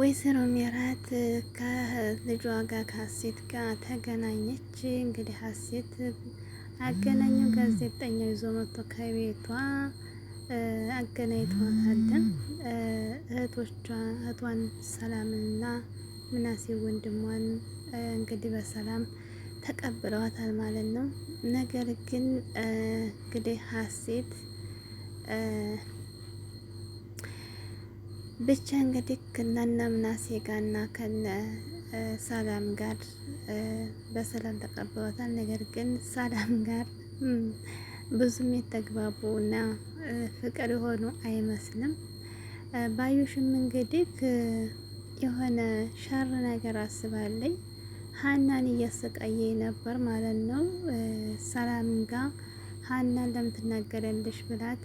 ወይዘሮ ሜላት ከልጇ ጋር ከሀሴት ጋር ተገናኘች። እንግዲህ ሀሴት አገናኙ ጋዜጠኛ ይዞ መጥቶ ከቤቷ አለን እህቶቿ እህቷን ሰላምና ምናሴ ወንድሟን እንግዲህ በሰላም ተቀብለዋታል ማለት ነው። ነገር ግን እንግዲህ ሀሴት ብቻ እንግዲህ ከነና ምናሴ ጋርና ከነ ሰላም ጋር በሰላም ተቀብሎታል። ነገር ግን ሰላም ጋር ብዙም የተግባቡ እና ፍቅር የሆኑ አይመስልም። ባዩሽም እንግዲህ የሆነ ሸር ነገር አስባለኝ ሀናን እያሰቃየ ነበር ማለት ነው ሰላም ጋር ሀና ለምትናገረልሽ ብላት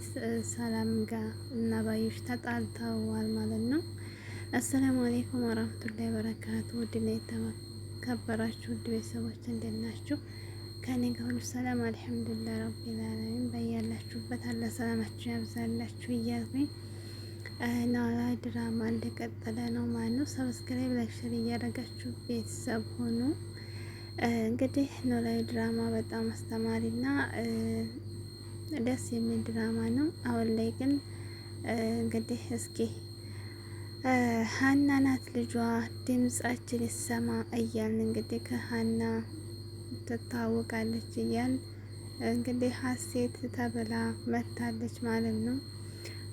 ሰላም ጋር እና ባዩሽ ተጣልተዋል ማለት ነው። አሰላሙ አሌይኩም ወራህመቱላሂ በረካቱ ውድና የተከበራችሁ ውድ ቤተሰቦች እንዴት ናችሁ? ከኔ ጋር ሁሉ ሰላም አልሐምዱሊላህ ረቢል ዓለሚን። በያላችሁበት አለ ሰላማችሁ ያብዛላችሁ እያልኩኝ ኖላዊ ድራማ እንደቀጠለ ነው ማለት ነው። ሰብስክራይብ ላይክ፣ ሼር እያደረጋችሁ ቤተሰብ ሆኑ። እንግዲህ ኖላዊ ድራማ በጣም አስተማሪና ደስ የሚል ድራማ ነው። አሁን ላይ ግን እንግዲህ እስኪ ሀና ናት ልጇ ድምጻችን ይሰማ እያልን እንግዲህ ከሀና ትታወቃለች እያል እንግዲህ ሀሴት ተብላ መታለች ማለት ነው።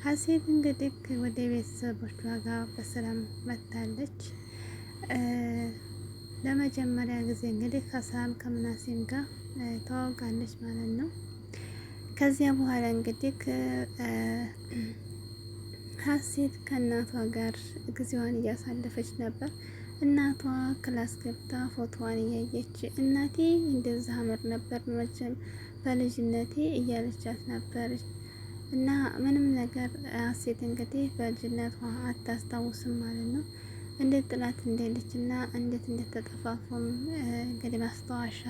ሀሴት እንግዲህ ወደ ቤተሰቦቿ ጋር በሰላም መታለች። ለመጀመሪያ ጊዜ እንግዲህ ከሳም ከምናሴም ጋር ተዋውቃለች ማለት ነው። ከዚያ በኋላ እንግዲህ ሀሴት ከእናቷ ጋር ጊዜዋን እያሳለፈች ነበር። እናቷ ክላስ ገብታ ፎቶዋን እያየች እናቴ እንደዚህ አምር ነበር መቼም በልጅነቴ እያለቻት ነበረች። እና ምንም ነገር ሀሴት እንግዲህ በልጅነቷ አታስታውስም ማለት ነው። እንዴት ጥላት እንደሄደች እና እንዴት እንደተጠፋፉም እንግዲህ ማስታወሻ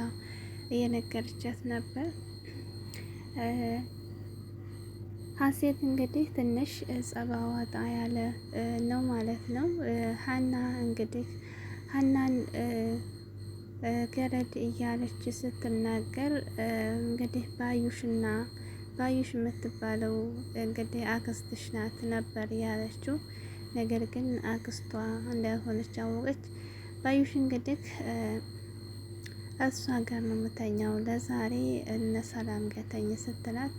እየነገረቻት ነበር። ሀሴት እንግዲህ ትንሽ ጸባዋ ወጣ ያለ ነው ማለት ነው። ሀና እንግዲህ ሀናን ገረድ እያለች ስትናገር እንግዲህ ባዩሽና ባዩሽ የምትባለው እንግዲህ አክስትሽ ናት ነበር ያለችው። ነገር ግን አክስቷ እንደሆነች አወቀች። ባዩሽ እንግዲህ እሷ ጋር ነው የምተኛው ለዛሬ እነ ሰላም ጋር ተኝ ስትላት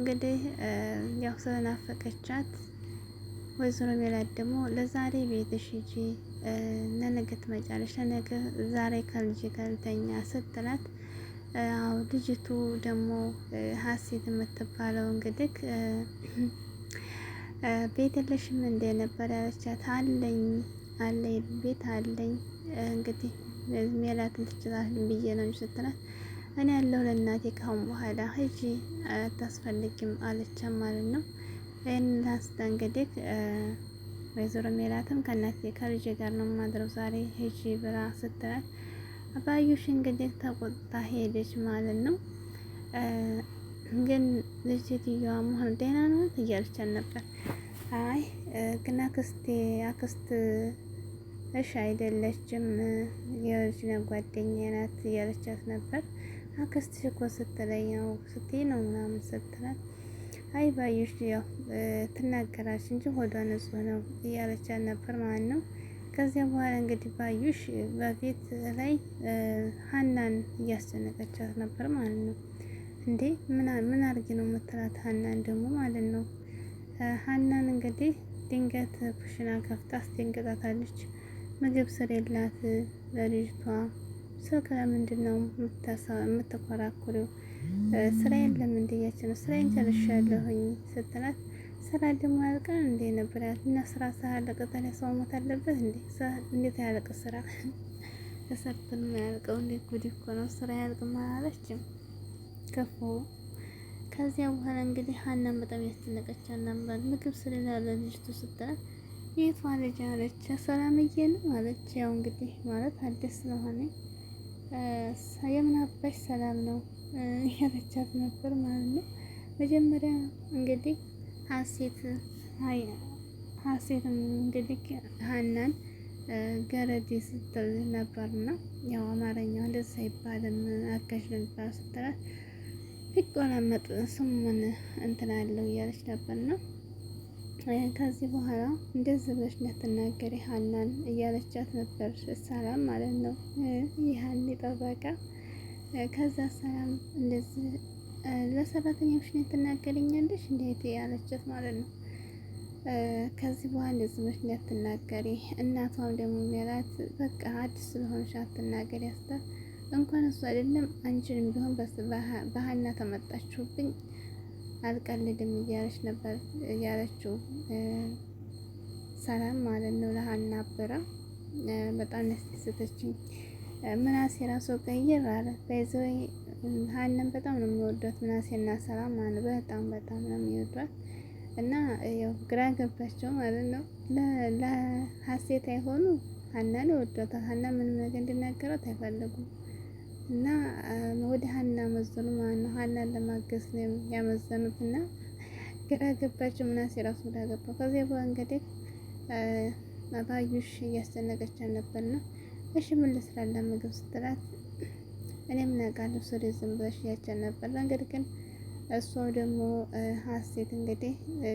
እንግዲህ ያው ስለናፈቀቻት ወይዘሮ ሜላት ደግሞ ለዛሬ ቤትሽ ሂጂ ለነገ ትመጫለሽ፣ ለነገ ዛሬ ከልጅ ጋር ተኛ ስትላት አዎ ልጅቱ ደግሞ ሀሴት የምትባለው እንግዲህ ቤት የለሽም እንደነበረ ነበር ያለቻት። አለኝ አለኝ ቤት አለኝ እንግዲህ ሜላትን ትችላለህ ብዬ ነው እንጂ ስትላት እኔ ያለው ለእናቴ ካሁን በኋላ ሂጂ አታስፈልጊም አለቻት ማለት ነው። ይህን ላስተ እንግዲህ ወይዘሮ ሜላትም ከእናቴ ከልጄ ጋር ነው ማድረው ዛሬ ሂጂ ብራ ስትላት አባዩሽ እንግዲህ ተቆጣ ሄደች ማለት ነው። ግን ልጅ ሴትዮዋ መሆን ነው እያለቻት ነበር። አይ ግን አክስቴ አክስት እሺ አይደለችም የልጅነት ጓደኛ ናት እያለቻት ነበር። አክስትሽ እኮ ስትለኛው ነው ስትይ ነው ምናምን ስትላት አይ ባዩሽ ያው ትናገራች እንጂ ሆዷ ንጹህ ነው እያለቻት ነበር ማለት ነው። ከዚያ በኋላ እንግዲህ ባዩሽ በፊት ላይ ሀናን እያስጨነቀቻት ነበር ማለት ነው። እንዴ ምን ምን አርጊ ነው የምትላት ሀናን ደግሞ ማለት ነው። ሀናን እንግዲህ ድንገት ኩሽና ከፍታ አስደንግጣታለች። ምግብ ስር የላት ለልጅቷ ስልክ ለምንድን ነው የምትኮራኩሪው? ስራዬን ለምን ድያቸው ነው ስራዬን ጨርሻለሁኝ ስትላት ስራ ደግሞ ያልቃል እንዴ ነበር ያት እና ስራ ሳያለቅ ታዲያ ሰው ሞት አለበት እንዴ? እንዴት ያለቀ ስራ ተሰርቶ ያልቀው? እንዴት ጉድ እኮ ነው ስራ ያልቅ ማላለችም ከፎ ከዚያ በኋላ እንግዲህ ሀናን በጣም ያስጨነቀች አናምራል ምግብ ስለሌለ ልጅቱ ስትላት የቷ ልጅ አለች ሰላምዬ ነው አለች። ያው እንግዲህ ማለት አዲስ ስለሆነ የምናባሽ ሰላም ነው ያለቻት ነበር ማለት ነው። መጀመሪያ እንግዲህ ሀሴት ሀሴትም እንግዲህ ሀናን ገረድ ስትል ነበርና ያው አማርኛው እንደዛ አይባልም አጋዥ ነው የሚባለው ስትላት ቢቆላመጥ ስሙን እንትን አለው እያለች ና ከዚህ በኋላ እንደዚህ ብለሽ እንዳትናገሪ ሀናን እያለቻት ነበር። ሰላም ማለት ነው ይህን ጠበቃ። ከዛ ሰላም እንደዚህ ለሰራተኛሽ ነው ትናገረኛለሽ እንዴት ያለቻት ማለት ነው። ከዚህ በኋላ እንደዚህ ብለሽ እንዳትናገሪ እናቷም ደግሞ የሚላት በቃ አዲስ ስለሆነሽ አትናገሪ ያስታል እንኳን እሱ አይደለም አንቺንም ቢሆን በሀና ተመጣችሁብኝ አልቀልድም እያለች ነበር እያለችው ሰላም ማለት ነው ለሀና አበራ በጣም ያስደሰተችኝ። ምናሴ ራሱ ቀይር አለ በይዘው ሀናን በጣም ነው የሚወዷት ምናሴና ሰላም ማለት በጣም በጣም ነው የሚወዷት እና ያው ግራ ገባቸው ማለት ነው። ለሀሴት አይሆኑ ሀናን ይወዷታል። ሀና ምንም ነገር እንድናገራት አይፈልጉም። እና ወደ ሀና መዘኑ ማለት ነው። ሀናን ለማገዝ ነው ያመዘኑት እና ግራ ገባቸው። ምናሴ ራሱ ግራ ገባው። ከዚያ በኋላ እንግዲህ ባዩሽ ነበር ነበርና እሺ ምን ልስራ ምግብ ስትላት እኔ ምን አውቃለሁ ስሪ ዝም ብለሽ እያቸን ነበር። ነገር ግን እሷ ደግሞ ሀሴት እንግዲህ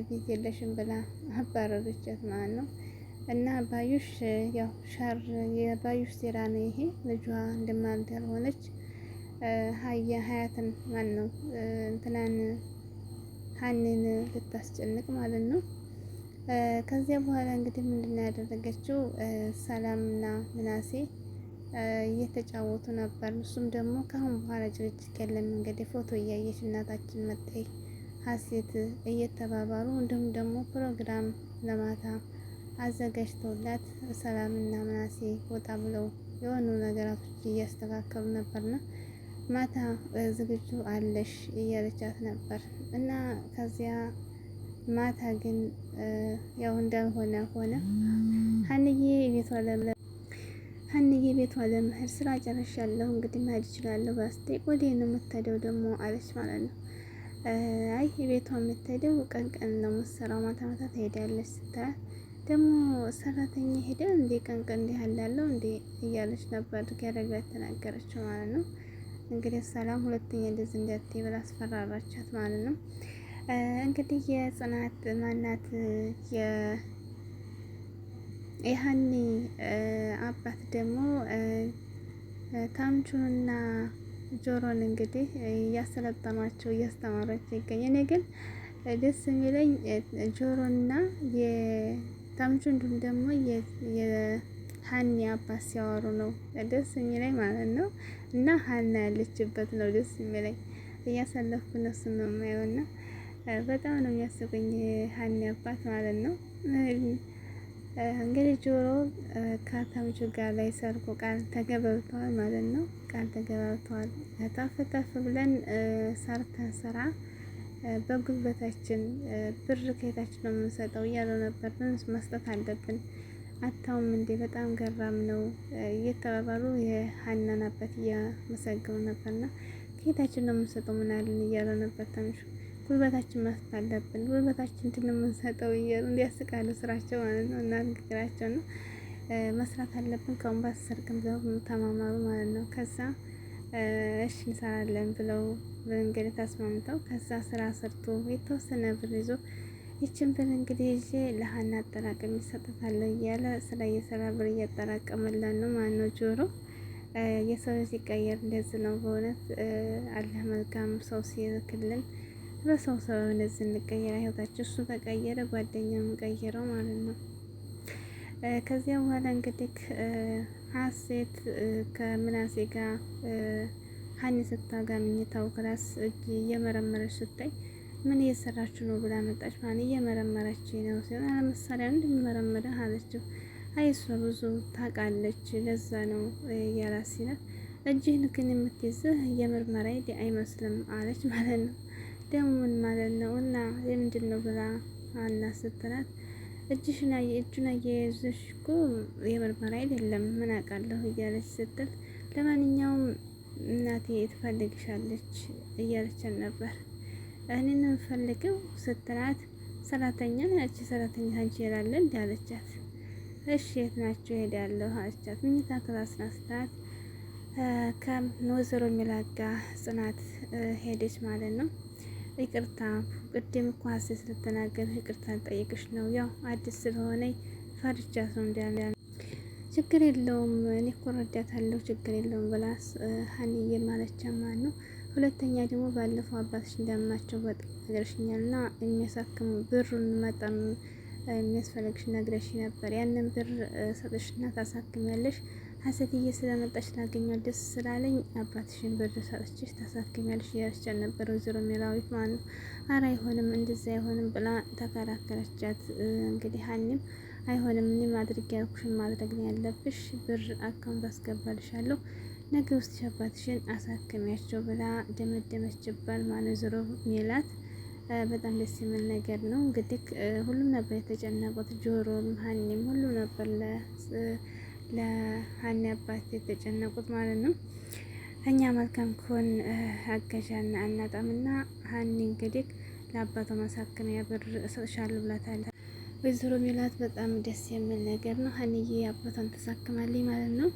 ቤት የለሽም ብላ አባረረቻት ማለት ነው። እና ባዩሽ ያው ሻር የባዩሽ ዜራ ነው ይሄ። ልጇ እንደማልዳል ሆነች። ሀያ ሀያትን ማን ነው እንትናን ሀንን ልታስጨንቅ ማለት ነው። ከዚያ በኋላ እንግዲህ ምንድን ያደረገችው ሰላምና ምናሴ እየተጫወቱ ነበር። እሱም ደግሞ ከአሁን በኋላ ጭቅጭቅ የለም እንግዲህ ፎቶ እያየች እናታችን መታይ ሀሴት እየተባባሉ እንዲሁም ደግሞ ፕሮግራም ለማታ አዘጋጅተውላት ሰላምና ምናሴ ወጣ ብለው የሆኑ ነገራቶች እያስተካከሉ ነበርና ማታ ዝግጁ አለሽ እያለቻት ነበር እና ከዚያ ማታ ግን ያው እንዳልሆነ ሆነ። ሀንዬ ቤቷ ለምለ ሀንዬ ቤቷ ለመሄድ ስራ ጨርሻለሁ እንግዲህ መሄድ እችላለሁ ባስቴ ወዴ ነው የምትሄደው ደግሞ አለች ማለት ነው። አይ ቤቷ የምትሄደው ቀን ቀን ነው የምትሰራው ማታ ማታ ትሄዳለች ስታያት ደግሞ ሰራተኛ ሄደ እንዴ ቀን ቀን እንዲህ አላለው እንዴ እያለች ነበር ገረጋ ተናገረችው ማለት ነው። እንግዲህ ሰላም ሁለተኛ እንደዚህ እንዳትይ ብላ አስፈራራቻት ማለት ነው። እንግዲህ የጽናት ማናት የሀኒ አባት ደግሞ ታምቹንና ጆሮን እንግዲህ እያሰለጠኗቸው እያስተማሯቸው ይገኛል። እኔ ግን ደስ የሚለኝ ጆሮና ታምቹ እንዲሁም ደግሞ ሀኒ አባት ሲያወሩ ነው ደስ የሚለኝ ማለት ነው። እና ሀና ያለችበት ነው ደስ የሚለኝ እያሳለፍኩ እነሱ ነው የማየው እና በጣም ነው የሚያስቁኝ ሀኒ አባት ማለት ነው። እንግዲህ ጆሮ ከታምቹ ጋር ላይ ሰርቆ ቃል ተገባብተዋል ማለት ነው። ቃል ተገባብተዋል። ታፍ ታፍ ብለን ሰርተን ስራ በጉልበታችን ብር ከየታችን ነው የምንሰጠው እያለው ነበር። መስጠት አለብን አታውም እንዴ በጣም ገራም ነው እየተባባሉ የሀናን አባት እያመሰገኑ ነበርና ከየታችን ነው የምንሰጠው ምናልን እያለው ነበር። ትንሹ ጉልበታችን መስጠት አለብን ጉልበታችን እንትን የምንሰጠው እያሉ እንዲያስቃሉ ስራቸው ማለት ነው እና ንግግራቸው ነው መስራት አለብን ከሁን በአስር ቀን ተማማሩ ማለት ነው ከዛ እሺ እንሰራለን ብለው በእንግዲህ ተስማምተው ከዛ ስራ ሰርቶ የተወሰነ ብር ይዞ ይችን ብር እንግዲህ ይዤ ለሀና አጠራቅም ይሰጠታለሁ እያለ ስራ እየሰራ ብር እያጠራቀመላን ነው። ማን ነው ጆሮ የሰው ሲቀየር እንደዚህ ነው። በእውነት አላህ መልካም ሰው ሲልክልን በሰው ሰው እንደዚህ እንቀየር። ህይወታችን እሱ ተቀየረ፣ ጓደኛም ቀየረው ማለት ነው። ከዚያ በኋላ እንግዲህ ሀሴት ከምናሴ ጋር ሀኒ ስታጋ ምኝታው እጅ እየመረመረች ስታይ ምን እየሰራችሁ ነው ብላ መጣች። ማን እየመረመረች ነው ሲሆን ለምሳሌ አንድ መረመረህ አለችው። አይ እሷ ብዙ ታውቃለች ለዛ ነው እያላት ሲላት እጅህን ግን የምትይዝህ የምርመራ ሂድ አይመስልም አለች ማለት ነው። ደግሞ ምን ማለት ነው እና ምንድን ነው ብላ አና ስትላት እጅሽን እጁን አያያዝሽ እኮ የምርመራ አይደለም ምን አውቃለሁ እያለች ስትል፣ ለማንኛውም እናቴ ትፈልግሻለች እያለችን ነበር። እኔን የምፈልገው ስትላት፣ ሰራተኛ ነች ሰራተኛ አንቺ ይላል እንዳለቻት፣ እሺ የት ናቸው እሄዳለሁ አለቻት። ምኝታ ክላስ ናት ስትላት፣ ከም የሚላጋ ጽናት ሄደች ማለት ነው። ይቅርታ ቅድም እኮ ሀሴት ስለተናገር ይቅርታ ልጠይቅሽ ነው። ያው አዲስ ስለሆነ ፈርጃት ሰው እንዲያለ ችግር የለውም እኔ እኮ እረዳታለሁ፣ ችግር የለውም ብላ ሀኒዬ ማለቻ ማለት ነው። ሁለተኛ ደግሞ ባለፈው አባትሽ እንዳማቸው በጣም ነግረሽኛል እና የሚያሳክሙ ብሩን መጠኑ የሚያስፈልግሽ ነግረሽ ነበር። ያንን ብር ሰጥሽና ታሳክሚያለሽ ሀሴትዬ ስለመጣች ላገኘው ደስ ስላለኝ አባትሽን ብር ሰጥቼሽ ታሳክሚያለሽ እያለቻት ነበር ወይዘሮ ሜላዊት ማለት ነው። ኧረ አይሆንም እንደዚያ አይሆንም ብላ ተከራከረቻት። እንግዲህ ሀኒም አይሆንም እኔ ማድረግ ያልኩሽን ማድረግ ነው ያለብሽ፣ ብር አካውንት አስገባልሻለሁ ነገ ውስጥ አባትሽን አሳክሚያቸው ብላ ደመደመችባል ማለት ወይዘሮ ሜላት። በጣም ደስ የሚል ነገር ነው። እንግዲህ ሁሉም ነበር የተጨነቁት፣ ጆሮም ሀኒም ሁሉም ነበር ለሀኒ አባት የተጨነቁት ማለት ነው። እኛ መልካም ከሆን አገዣና አናጣምና ሀኒ እንግዲህ ለአባቷ ማሳከሚያ ብር እሰጥሻለሁ ብላታለች። ወይዘሮ ሚላት በጣም ደስ የሚል ነገር ነው። ሀኒዬ አባቷን ተሳክማለች ማለት ነው።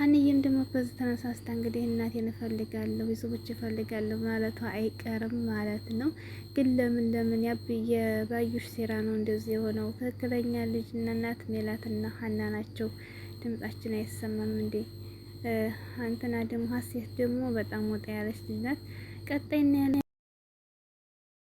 ሀኒዬም ደግሞ በዚህ ተነሳስታ እንግዲህ እናቴን እፈልጋለሁ ቤተሰቦች እፈልጋለሁ ማለቷ አይቀርም ማለት ነው። ግን ለምን ለምን የባዩሽ ሴራ ነው እንደዚህ የሆነው? ትክክለኛ ልጅ ልጅና እናት ሜላትና ሀና ናቸው። ድምጻችን አይሰማም እንዴ? አንተና ደግሞ ሀሴት ደግሞ በጣም ወጣ ያለች ልጅ ናት። ቀጣይ